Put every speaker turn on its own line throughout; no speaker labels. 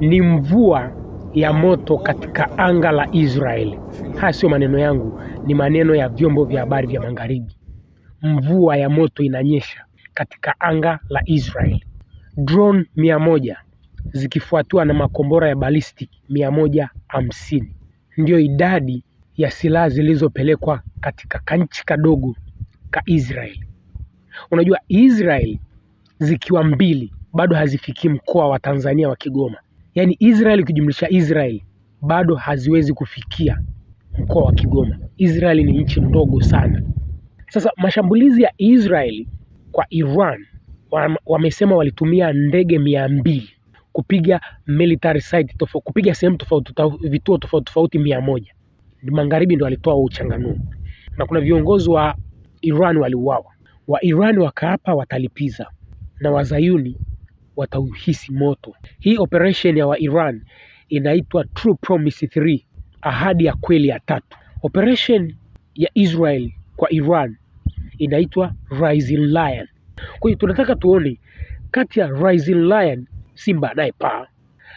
ni mvua ya moto katika anga la Israeli. Haya sio maneno yangu, ni maneno ya vyombo vya habari vya magharibi. Mvua ya moto inanyesha katika anga la Israeli, drone mia moja zikifuatiwa na makombora ya balistiki mia moja hamsini ndiyo idadi ya silaha zilizopelekwa katika kanchi kadogo ka Israeli. Unajua Israeli zikiwa mbili bado hazifikii mkoa wa Tanzania wa Kigoma yaani Israel ukijumlisha Israel bado haziwezi kufikia mkoa wa Kigoma. Israel ni nchi ndogo sana. Sasa mashambulizi ya Israel kwa Iran wamesema walitumia ndege mia mbili kupiga military site tofauti, kupiga sehemu tofauti, vituo tofauti tofauti mia moja. Magharibi ndo walitoa uchanganuo, na kuna viongozi wa Iran waliuawa. Wa Iran wakaapa watalipiza, na wazayuni watauhisi moto. Hii operation ya wa Iran inaitwa True Promise 3, ahadi ya kweli ya tatu. Operation ya Israel kwa Iran inaitwa Rising Lion. Kwa hiyo tunataka tuone kati ya Rising Lion, simba anayepaa,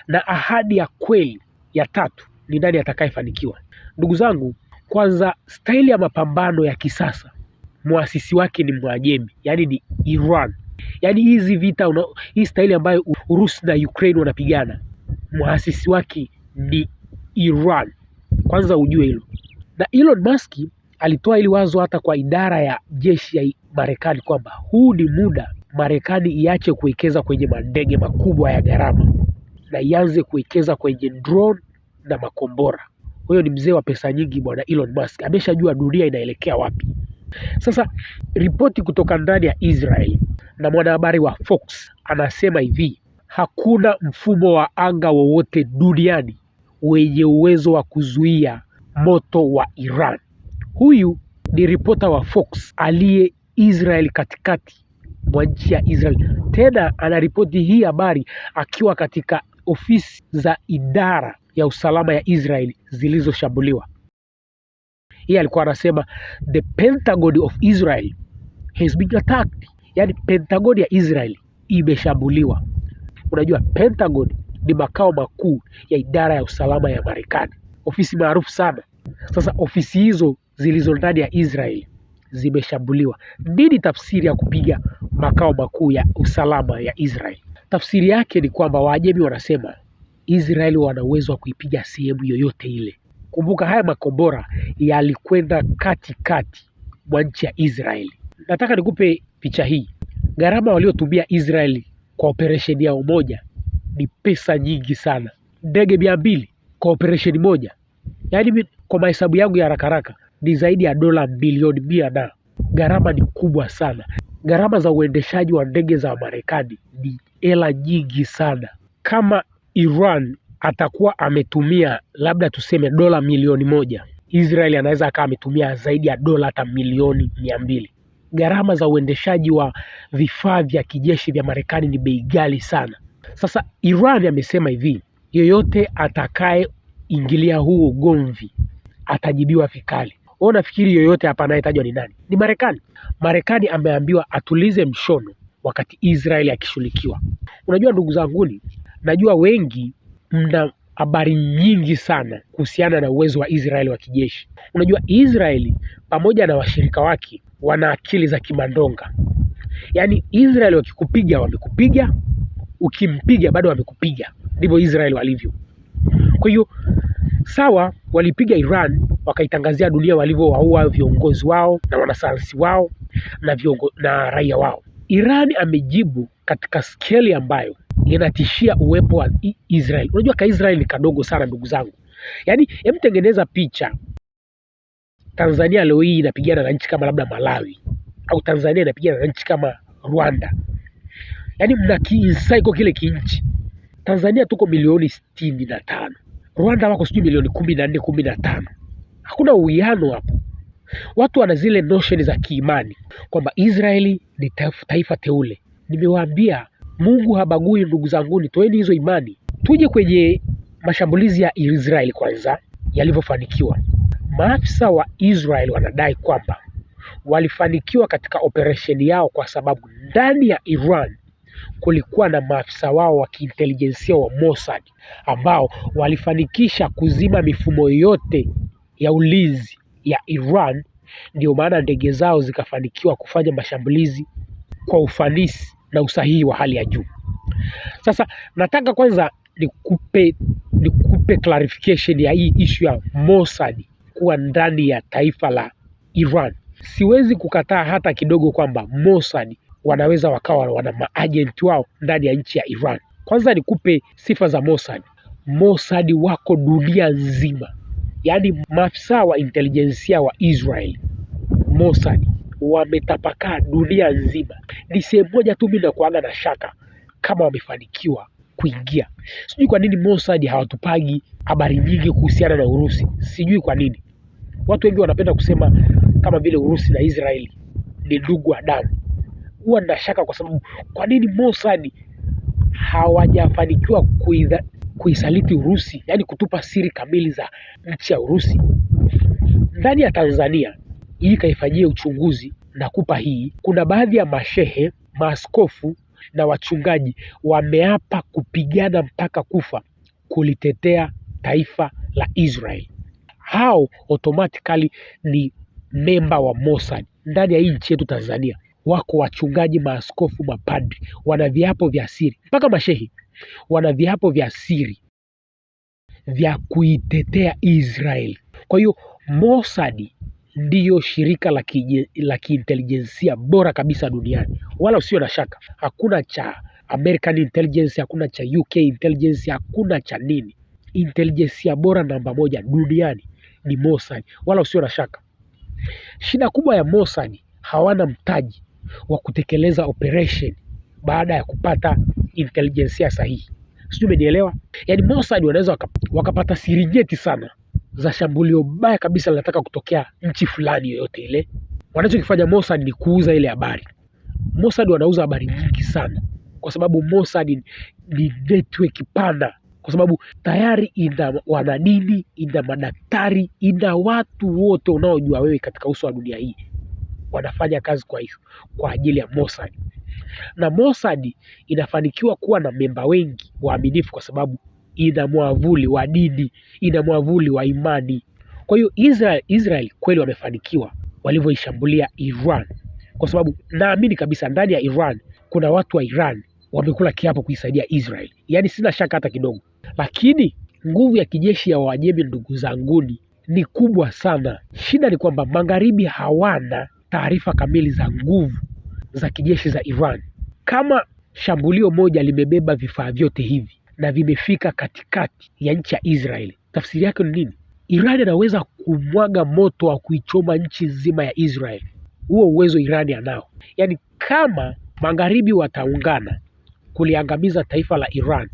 na ahadi ya kweli ya tatu ni nani atakayefanikiwa? Ndugu zangu, kwanza staili ya mapambano ya kisasa muasisi wake ni Mwajemi, yaani ni Iran. Yaani hizi vita una, hii staili ambayo Urusi na Ukraine wanapigana hmm. muasisi wake hmm. ni Iran. Kwanza ujue hilo. Na Elon Musk alitoa hili wazo hata kwa idara ya jeshi ya Marekani kwamba huu ni muda Marekani iache kuwekeza kwenye mandege makubwa ya gharama na ianze kuwekeza kwenye drone na makombora. Huyo ni mzee wa pesa nyingi bwana Elon Musk. Ameshajua dunia inaelekea wapi. Sasa ripoti kutoka ndani ya Israel na mwanahabari wa Fox anasema hivi, hakuna mfumo wa anga wowote duniani wenye uwezo wa kuzuia moto wa Iran. Huyu ni ripota wa Fox aliye Israel, katikati mwa nchi ya Israel. Tena anaripoti hii habari akiwa katika ofisi za idara ya usalama ya Israel zilizoshambuliwa. Yeye alikuwa anasema the Pentagon of Israel has been attacked, yaani Pentagon ya Israel imeshambuliwa. Unajua Pentagon ni makao makuu ya idara ya usalama ya Marekani, ofisi maarufu sana. Sasa ofisi hizo zilizo ndani ya Israel zimeshambuliwa. Nini tafsiri ya kupiga makao makuu ya usalama ya Israel? Tafsiri yake ni kwamba Waajemi wanasema Israeli wana uwezo wa kuipiga sehemu yoyote ile Kumbuka haya makombora yalikwenda katikati mwa nchi ya Israeli. Nataka nikupe picha hii. Gharama waliotumia Israeli kwa operesheni yao moja ni pesa nyingi sana, ndege mia mbili kwa operesheni moja, yaani kwa mahesabu yangu ya haraka haraka ni zaidi ya dola bilioni mia, na gharama ni kubwa sana. Gharama za uendeshaji wa ndege za Marekani ni hela nyingi sana. Kama Iran atakuwa ametumia labda tuseme dola milioni moja, Israeli anaweza akawa ametumia zaidi ya dola hata milioni mia mbili. Gharama za uendeshaji wa vifaa vya kijeshi vya Marekani ni bei ghali sana. Sasa Iran amesema hivi, yeyote atakayeingilia huu ugomvi atajibiwa vikali. Wewe unafikiri yoyote hapa anayetajwa ni nani? Ni Marekani. Marekani ameambiwa atulize mshono wakati Israeli akishulikiwa Unajua ndugu zanguni, najua wengi mna habari nyingi sana kuhusiana na uwezo wa Israeli wa kijeshi. Unajua Israeli pamoja na washirika wake wana akili za kimandonga, yaani Israeli wakikupiga wamekupiga, ukimpiga bado wamekupiga. Ndivyo Israeli walivyo. Kwa hiyo sawa, walipiga Iran wakaitangazia dunia walivyowaua viongozi wao na wanasayansi wao na viongo, na raia wao. Iran amejibu katika skeli ambayo linatishia uwepo wa Israel. Unajua ka Israel ni kadogo sana ndugu zangu, yaani hebu tengeneza picha, Tanzania leo hii inapigana na nchi kama labda Malawi au Tanzania inapigana na nchi kama Rwanda, yaani mna kiinsaiko kile kinchi. Tanzania tuko milioni sitini na tano, Rwanda wako sijui milioni kumi na nne kumi na tano. Hakuna uwiano hapo. Watu wana zile notion za kiimani kwamba Israeli ni taifa teule. Nimewaambia Mungu habagui ndugu ni toeni hizo imani. Tuje kwenye mashambulizi ya Israeli kwanza yalivyofanikiwa. Maafisa wa Israeli wanadai kwamba walifanikiwa katika operesheni yao kwa sababu ndani ya Iran kulikuwa na maafisa wao wa kiintelijensia wa Mossad ambao walifanikisha kuzima mifumo yote ya ulinzi ya Iran. Ndio maana ndege zao zikafanikiwa kufanya mashambulizi kwa ufanisi na usahihi wa hali ya juu. Sasa nataka kwanza nikupe nikupe clarification ya hii issue ya Mossad kuwa ndani ya taifa la Iran. Siwezi kukataa hata kidogo kwamba Mossad wanaweza wakawa wana maajenti wao ndani ya nchi ya Iran. Kwanza nikupe sifa za Mossad. Mossad wako dunia nzima, yaani maafisa wa intelijensia wa Israel Mossad wametapakaa dunia nzima. Ni sehemu moja tu mimi nakuaga na shaka kama wamefanikiwa kuingia. Sijui kwa nini Mossad hawatupagi habari nyingi kuhusiana na Urusi, sijui kwa nini. Watu wengi wanapenda kusema kama vile Urusi na Israeli ni ndugu wa damu. Huwa na shaka kwa sababu, kwa nini Mossad hawajafanikiwa kuisaliti Urusi, yaani kutupa siri kamili za nchi ya Urusi? Ndani ya Tanzania ili kaifanyie uchunguzi na kupa hii. Kuna baadhi ya mashehe, maaskofu na wachungaji wameapa kupigana mpaka kufa kulitetea taifa la Israel. Hao automatically ni memba wa Mossad ndani ya hii nchi yetu Tanzania. Wako wachungaji, maaskofu, mapadri wana viapo vya siri, mpaka mashehi wana viapo vya siri vya kuitetea Israel. Kwa hiyo Mossad ndiyo shirika la kiintelijensia bora kabisa duniani, wala usio na shaka. Hakuna cha American intelligence, hakuna cha UK intelligence, hakuna cha nini. Intelijensia bora namba moja duniani ni Mossad, wala usio na shaka. Shida kubwa ya Mossad, hawana mtaji wa kutekeleza operation baada ya kupata intelijensia sahihi. Sijui umenielewa? Yaani Mossad wanaweza wakapata siri nyeti sana za shambulio baya kabisa linataka kutokea nchi fulani yoyote ile. Wanachokifanya Mossad ni kuuza ile habari. Mossad wanauza habari nyingi sana, kwa sababu Mossad ni, network pana, kwa sababu tayari ina wanadini, ina madaktari, ina watu wote unaojua wewe katika uso wa dunia hii wanafanya kazi kwa hiyo kwa ajili ya Mossad, na Mossad inafanikiwa kuwa na memba wengi waaminifu kwa sababu ina mwavuli wa dini, ina mwavuli wa imani. Kwa hiyo Israel, Israel kweli wamefanikiwa walivyoishambulia Iran, kwa sababu naamini kabisa ndani ya Iran kuna watu wa Iran wamekula kiapo kuisaidia Israel, yaani sina shaka hata kidogo. Lakini nguvu ya kijeshi ya Wajemi, ndugu zanguni, ni kubwa sana. Shida ni kwamba magharibi hawana taarifa kamili za nguvu za kijeshi za Iran. Kama shambulio moja limebeba vifaa vyote hivi, na vimefika katikati ya nchi ya Israeli. Tafsiri yake ni nini? Iran anaweza kumwaga moto wa kuichoma nchi nzima ya Israeli. Huo uwezo Irani anao. Yaani, kama magharibi wataungana kuliangamiza taifa la Iran,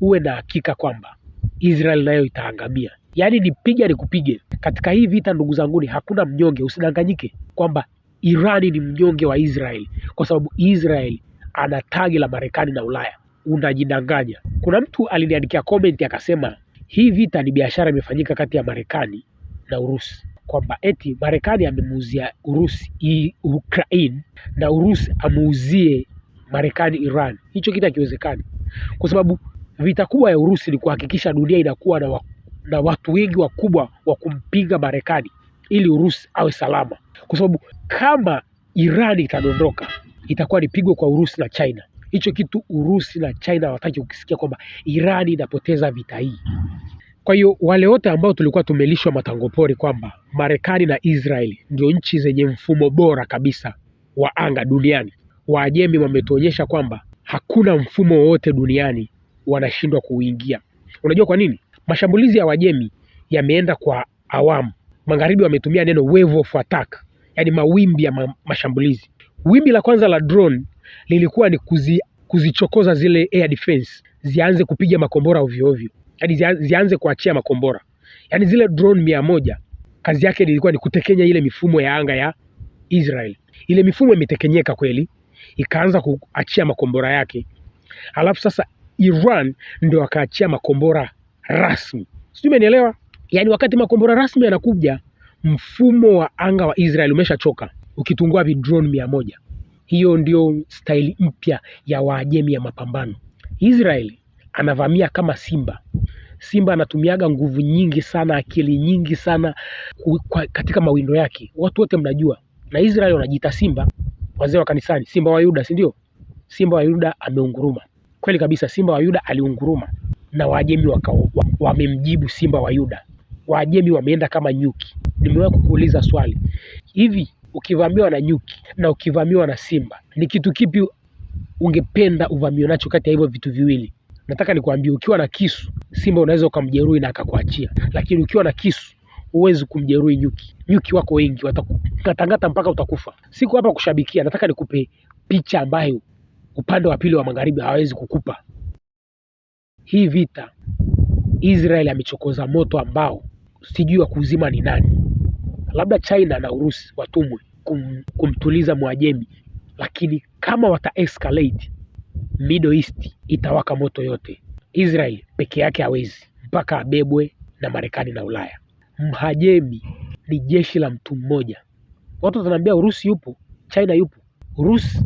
uwe na hakika kwamba Israel nayo itaangamia. Yaani nipige nikupige. Katika hii vita, ndugu zanguni, hakuna mnyonge. Usidanganyike kwamba Irani ni mnyonge wa Israeli, kwa sababu Israeli ana tagi la Marekani na Ulaya unajidanganya. Kuna mtu aliniandikia comment akasema hii vita ni biashara imefanyika kati ya Marekani na Urusi, kwamba eti Marekani amemuuzia Urusi Ukraine na Urusi amuuzie Marekani Iran. Hicho kitu hakiwezekani, kwa sababu vita kubwa ya Urusi ni kuhakikisha dunia inakuwa na, wa, na watu wengi wakubwa wa kumpinga Marekani ili Urusi awe salama, kwa sababu kama Iran itadondoka itakuwa ni pigo kwa Urusi na China. Hicho kitu Urusi na China hawataki kukisikia kwamba Irani inapoteza vita hii. Kwa hiyo wale wote ambao tulikuwa tumelishwa matangopori kwamba Marekani na Israeli ndio nchi zenye mfumo bora kabisa wa anga duniani, Waajemi wametuonyesha kwamba hakuna mfumo wowote duniani wanashindwa kuuingia. Unajua kwa nini? Mashambulizi ya Wajemi yameenda kwa awamu. Magharibi wametumia neno wave of attack, yaani mawimbi ya ma mashambulizi. Wimbi la kwanza la drone lilikuwa ni kuzi, kuzichokoza zile air defense zianze kupiga makombora ovyo ovyo, yani zianze kuachia makombora. yani zile drone mia moja kazi yake ilikuwa ni kutekenya ile mifumo ya anga ya Israel. Ile mifumo imetekenyeka kweli, ikaanza kuachia makombora yake. Alafu sasa Iran ndio akaachia makombora rasmi, sijui umenielewa? Yani wakati makombora rasmi yanakuja, mfumo wa anga wa Israel umeshachoka, ukitungua vi drone mia moja hiyo ndio staili mpya ya Waajemi ya mapambano. Israeli anavamia kama simba. Simba anatumiaga nguvu nyingi sana, akili nyingi sana katika mawindo yake. Watu wote mnajua, na Israeli wanajiita simba, wazee wa kanisani, simba wa Yuda, si ndio? Simba wa Yuda ameunguruma kweli kabisa. Simba wa Yuda aliunguruma na Waajemi wamemjibu wa simba wa Yuda. Waajemi wameenda kama nyuki. Nimewahi kukuuliza swali hivi, ukivamiwa na nyuki na ukivamiwa na simba, ni kitu kipi ungependa uvamiwe nacho kati ya hivyo vitu viwili? Nataka nikwambie, ukiwa na kisu simba unaweza ukamjeruhi na akakuachia, lakini ukiwa na kisu huwezi kumjeruhi nyuki. Nyuki wako wengi, watakutangata mpaka utakufa. Siku hapa kushabikia, nataka nikupe picha ambayo upande wa pili wa magharibi hawawezi kukupa. Hii vita Israeli amechokoza moto ambao sijui wa kuzima ni nani labda China na Urusi watumwe kum, kumtuliza Mwajemi, lakini kama wata escalate Middle East itawaka moto yote. Israel peke yake hawezi, mpaka abebwe na Marekani na Ulaya. Mhajemi ni jeshi la mtu mmoja. Watu wataniambia Urusi yupo, China yupo. Urusi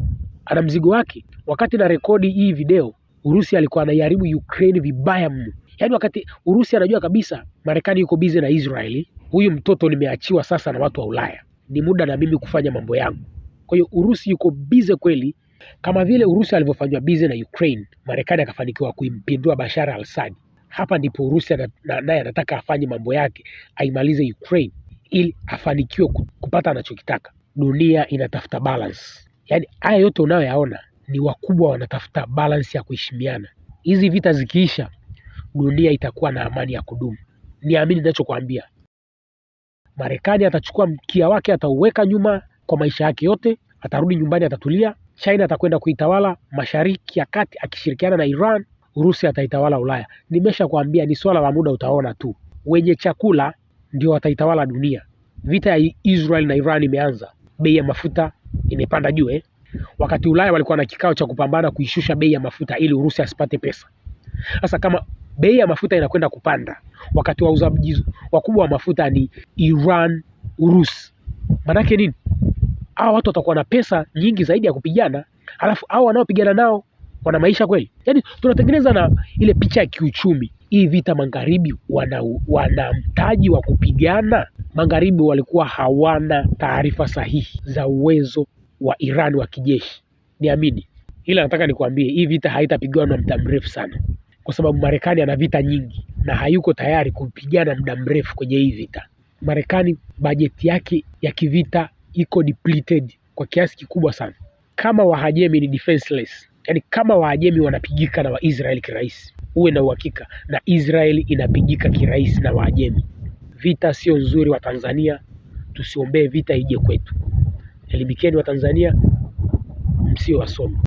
ana mzigo wake. Wakati na rekodi hii video, Urusi alikuwa anaiharibu Ukraine vibaya mno. Yaani wakati Urusi anajua kabisa Marekani yuko bize na Israeli, huyu mtoto nimeachiwa sasa na watu wa Ulaya, ni muda na mimi kufanya mambo yangu. Kwa hiyo Urusi yuko bize kweli, kama vile Urusi alivyofanywa bize na Ukraine, Marekani akafanikiwa kuimpindua Bashar al-Assad. Hapa ndipo Urusi naye na, na, anataka afanye mambo yake, aimalize Ukraine ili afanikiwe kupata anachokitaka. Dunia inatafuta balance, yaani haya yote unayoyaona ni wakubwa wanatafuta balance ya kuheshimiana. Hizi vita zikiisha, dunia itakuwa na amani ya kudumu. Niamini ninachokwambia. Marekani atachukua mkia wake atauweka nyuma kwa maisha yake yote, atarudi nyumbani, atatulia. China atakwenda kuitawala mashariki ya kati akishirikiana na Iran. Urusi ataitawala Ulaya. nimesha kuambia ni swala la muda, utaona tu. Wenye chakula ndio wataitawala dunia. Vita ya Israel na Iran imeanza, bei ya mafuta imepanda juu eh? Wakati Ulaya walikuwa na kikao cha kupambana kuishusha bei ya mafuta ili Urusi asipate pesa. Sasa kama bei ya mafuta inakwenda kupanda, wakati wauzaji wakubwa wa mafuta ni Iran, Urusi. Manake nini? Hawa watu watakuwa na pesa nyingi zaidi ya kupigana, alafu hao wanaopigana nao wana maisha kweli? Yaani tunatengeneza na ile picha ya kiuchumi. Hii vita magharibi wana, wana mtaji wa kupigana. Magharibi walikuwa hawana taarifa sahihi za uwezo wa Iran wa kijeshi, niamini. Ila nataka nikwambie hii vita haitapigwa na muda mrefu sana kwa sababu Marekani ana vita nyingi na hayuko tayari kupigana muda mrefu kwenye hii vita. Marekani bajeti yake ya kivita iko depleted kwa kiasi kikubwa sana. Kama Wahajemi ni defenseless, yani kama Wahajemi wanapigika na Waisraeli kirahisi, uwe na uhakika na Israeli inapigika kirahisi na Wahajemi. Vita sio nzuri wa Tanzania, tusiombee vita ije kwetu. Elimikeni wa Tanzania, msio wasomi.